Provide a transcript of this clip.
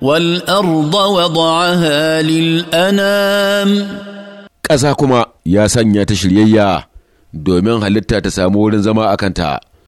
والأرض وضعها للأنام ƙasa kuma ya sanya ta shiryayya domin halitta ta samu wurin zama a kanta.